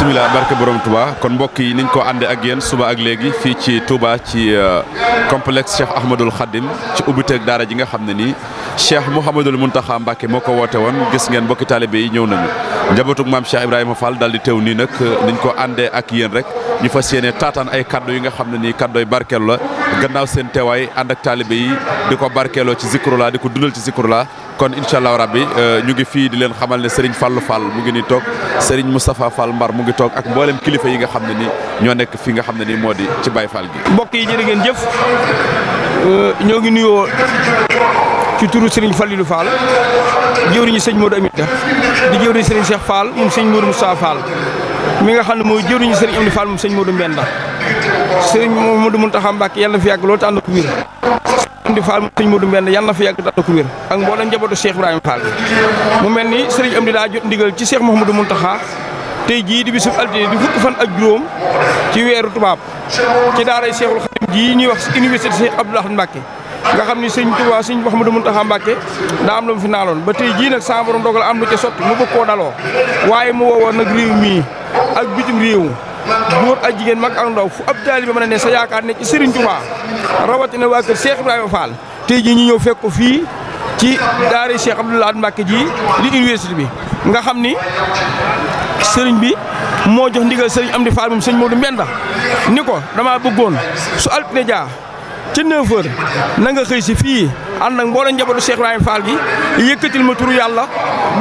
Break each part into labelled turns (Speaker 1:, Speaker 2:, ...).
Speaker 1: bisimilah barke borom tubaa kon mbokk yi niñ ko àndee ak yéen suba ak léegi fii ci Touba ci euh, complexe Cheikh Ahmadul Khadim ci ubbiteeg daara ji nga xam ne nii Cheikh Mouhamadul Mountakha Mbacké moo ko woote woon gis ngeen mbokki taalibe yi ñëw nañu. njabootug maam Cheikh Ibrahima fal daal di teew nii nag niñ ko àndee ak yéen rek. ñu fas yéene taataan ay kàddu yi nga xam ne nii kaddoy barkeelu la gannaaw seen teewaay ànd ak taalibe yi di ko barkeeloo ci Zikrula di ko dundal ci Zikrula kon incha allah rabbi euh, ñu ngi fii di leen xamal ne Serigne Fallou Fall mu ngi ni toog Serigne Moustapha Fall Mbar mu ngi toog ak mboolem kilifa yi nga xam ne nii ñoo nekk fi nga xam ne nii moo di ci Baye Fall gi. mbokk yi jërë ngeen jëf euh, ñoo ngi nuyoo ci turu Serigne Fallou Fall jëwriñu sëñ Modou Amita di jëwriñu Serigne Cheikh Fall moom mi nga xam ne mooy jëruñu sëriñ Amdi Fall moom sëñ Modou Mbenda sëriñ Modou Mountakha Mbacké yàlla na fi yàgg loolu te ànd ko wér Amdi Fall moom sëñ Modou Mbenda yàlla na fi yàgg te ànd ko wér ak mboolem njabootu Cheikh Ibrahima Fall mu mel ni sëriñ Amdi daa jot ndigal ci seex Cheikh Mouhamadou Mountakha tey jii di bisu altine di fukki fan ak juróom ci weeru tubaab ci daaray Cheikhul Khadim jii ñuy wax université Cheikh Abdoul Ahad Mbacké nga xam ni sëñ Tuubaa sëñ Mouhamadou Mountakha Mbacké daa am lu mu fi naaloon ba tey jii nag sa borom dogal am lu ca sotti mu bëgg koo daloo waaye mu woowoon nag réew ak bitim réew góor ak jigéen mag ak ndaw fu ab taalibe mën na ne sa yaakaar ne ci Serigne Touba rawatina waa kër Cheikh Ibrahima Fall tey jii ñu ñëw fekk ko fii ci daara Cheikh Abdoul Ahad Mbacké ji li université bi nga xam ni Serigne bi moo jox ndigal Serigne Amdi Fall moom sëñ Modou Mbenda ni ko dama bëggoon su altine jaa ca 9h na nga xëy si fii ànd ak mboolem njabootu Cheikh Ibrahima Fall gi yëkkatil ma turu yàlla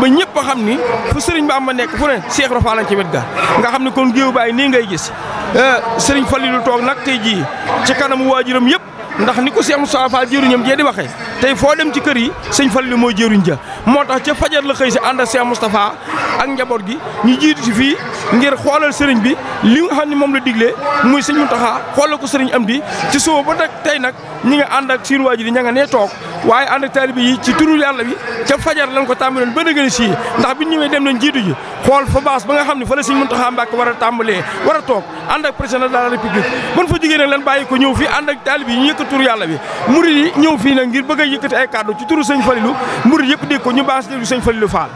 Speaker 1: ba ñëpp a xam ni fu Serigne Ba am ma nekk fu ne Cheikh Ibra ci wet ga nga xam ne kon géew baay nii ngay gis eh, Serigne Fallilu toog nag tey jii ci kanamu waajuram yëpp ndax ni ko Cheikh Moustapha Fall jëruñam jee di waxee tey foo dem ci kër yi sëñ Fallilu mooy jëriñ ja moo tax ca fajar la xëy si ànd ak Cheikh Moustapha ak njaboot gi ñu jiitu si fii. ngir xoolal sëriñ bi li nga xam ne moom la diglee muy sëñ Muntaxa xoolal ko sëriñ Amdi ci suba ba nag tey nag ñi nga ànd ak seen waajur yi ña nga nee toog waaye ànd ak taalibe yi ci turu yàlla bi ca fajar lañ ko tàmbaloon ba nëgën si ndax bi ñëwee dem nañ jiitu ji xool fa baas ba nga xam ne fa la sëñ Muntaxa Mbàkke war a tàmbalee war a toog ànd ak président de la république ban fa jógee lan bàyyi ko ñëw fii ànd ak taalibe yi ñu yëkkat turu yàlla bi murid ñëw fii nag ngir bëgg a ay kàddu ci turu sëñ Falilu murid yëpp dégg ko ñu baas déglu sëñ Falilu Faal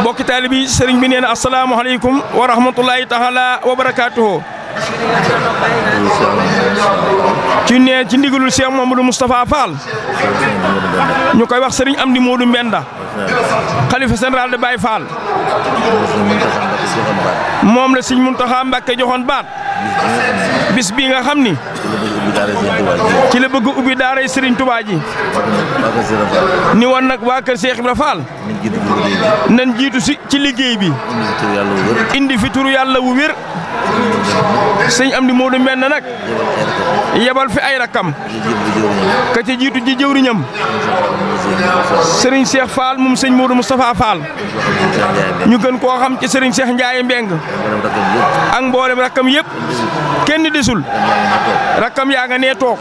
Speaker 1: mbokki taali bi sëriñ bi nee na wa rahmatulahi taala wa barakaatuhu ci nee ci ndigalul Cheikh Mamadou Moustapha Fall ñu koy wax sëriñ Amdi Modou Mbenda xalifa général de Baye Fall moom la sëriñ Muntaxa Mbàkke joxoon baat bis bii nga xam ni. ci la bëgg ubbi daaray Serigne Touba ji. ni woon nag waa kër Cheikh Ibra Fall. nañ jiitu si ci liggéey bi. indi fi turu yàlla wu wér. sëñ am di Modou Mbène nag yebal fi ay rakam ka jiitu ji jëwriñam sëriñ Cheikh Fall moom sëñ Modou Moustapha Fall ñu gën koo xam ci sëriñ seex Ndiaye Mbeng ak mboolem rakam yëpp kenn desul rakkam yaa nga nee toog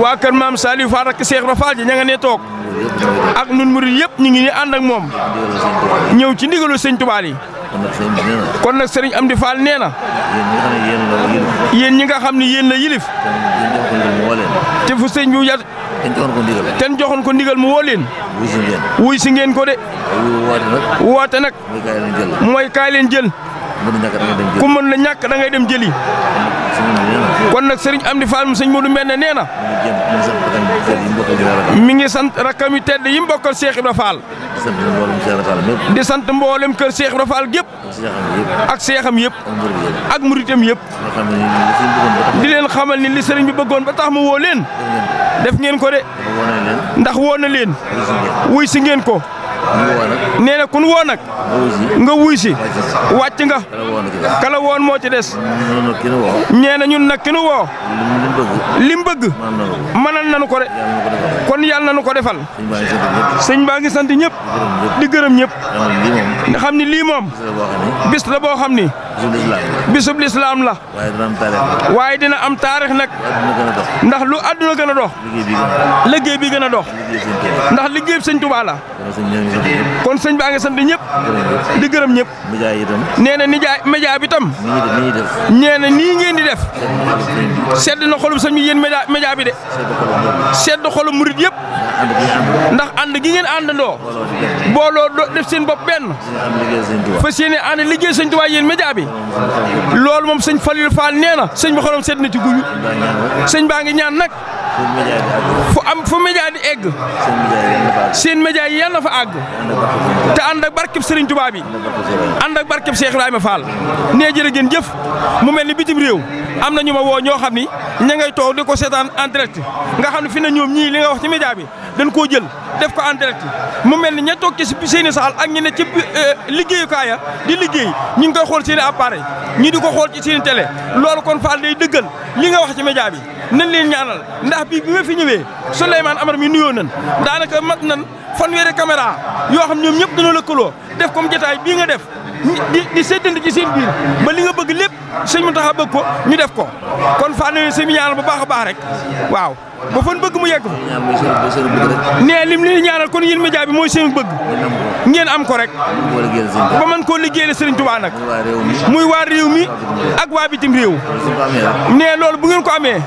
Speaker 1: waa kër maam Saliou Fall ak Cheikh Ibra Fall ji ña nga nee toog ak nun murid yëpp ñu ngi ni ànd moom ñëw ci ndigalu sëñ Tuubaa yi kon nag sëriñ di Fall nee na. yéen ñi nga xam ne yéen la yilif. te fu sëñ bi yat ten joxoon ko ndigal mu woo leen. wuy si ngeen ko de. woote nag. mooy kaay leen jël. ku mën na ñàkk da ngay dem jëli. kon nag sëriñ am di Fall mu sëñ Modou Mbène nee na. mi ngi sant rakkam yu tedd yi mu bokkal Cheikh Ibra sant mboolem Cheikh Ibra Fall mépp. di sant mboolem kër Cheikh Ibra Fall gépp. ak seexam yëpp. ak muritam yëpp. di leen xamal ni li bi bëggoon ba tax ma woo leen. def ngeen ko de. ndax woo na leen. wuy si ngeen ko. nee na kun woo nag nga wuy si wàcc nga kala woon moo ci des nee na ñun nag ki nu woo lim bëgg mënal nanu ko de kon yàlla na nu ko defal. sëñ baa ngi sant ñëpp. di gërëm ñëpp. nga xam ni lii moom. bis la boo xam ni. bisub lislaam la. waaye dina am taarix nag. ndax lu àdduna gën a dox. liggéey bi gën a dox. ndax liggéey bi sëñ Tuubaa la. kon sëñ baa ngi sant ñëpp. di gërëm ñëpp. nee na nijaay média bi tam. nee na nii ngeen di def. sedd na xolum sëñ bi yéen média média bi de. sedd xolum murit yëpp. ndax and gi ngeen àndandoo. booloo def seen bopp benn. fas yéene ànd liggéey sëñ Tuubaa yéen média bi. mi loolu moom sëñ Falilou Fall nee na sëñ bi xorom sedd na ci guyu sëñ baa ngi ñaan nag fu am fu média di egg seen média yi yal na fa àgg te ànd ak barkeb Serigne Touba bi ànd ak barkeb Cheikh Ibrahima Fall nee jërë ngeen jëf mu mel ni bitim réew am na ñu ma woo ñoo xam ni ña ngay toog di ko seetaan en nga xam ne fi na ñoom ñii li nga wax ci média bi dañ koo jël def ko en direct mu mel ni ña toog ci seeni saal ak ñi ne ci euh, liggéeyukaaya di liggéey ñu ngi koy xool seen i appareil ñi di ko xool ci seen télé loolu kon Fall day dëggal li nga wax ci média bi nañ leen ñaanal ndax bii bi ma fi ñëwee Souleymane Amar mi nuyoo nan daanaka mat nan fanweeri caméra yoo xam ñoom ñëpp dañoo lëkkaloo def ko comme jotaay bii nga def di di séddante ci seen biir ba li nga bëgg lépp sëñ mu tax a bëgg ko ñu def ko kon Fall nañ seen ñaanal bu baax a baax waaw ba fan bëgg mu yegg fa nee lim li ñaanal kon yéen média bi mooy seen bëgg ngeen am ko rek ba man koo liggéeyal Serigne Touba nag muy waa réew mi ak waa bitim réew nee loolu bu ngeen ko amee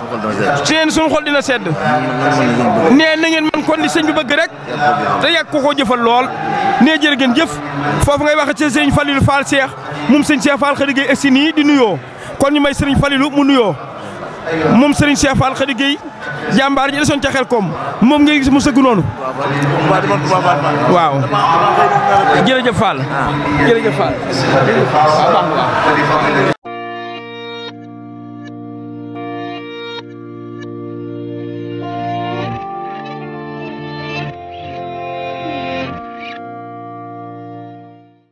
Speaker 1: seen suñu xol dina sedd nee na ngeen man kon li sëñ bi bëgg rek te yàgg ko ko jëfal lool nee jërë ngeen jëf foofu ngay wax ci sëñ Falilou Fall Cheikh moom sëñ Cheikh Fall xëy na ngay nii di nuyoo kon ñu may sëriñ Falilou mu nuyoo moom Serigne Cheikh Fall Khady Gueye jàmbaar ñi desoon ca xel koom moom ngay gis mu sëgg noonu. waaw jërëjëf Fall jërëjëf Fall waaw baax na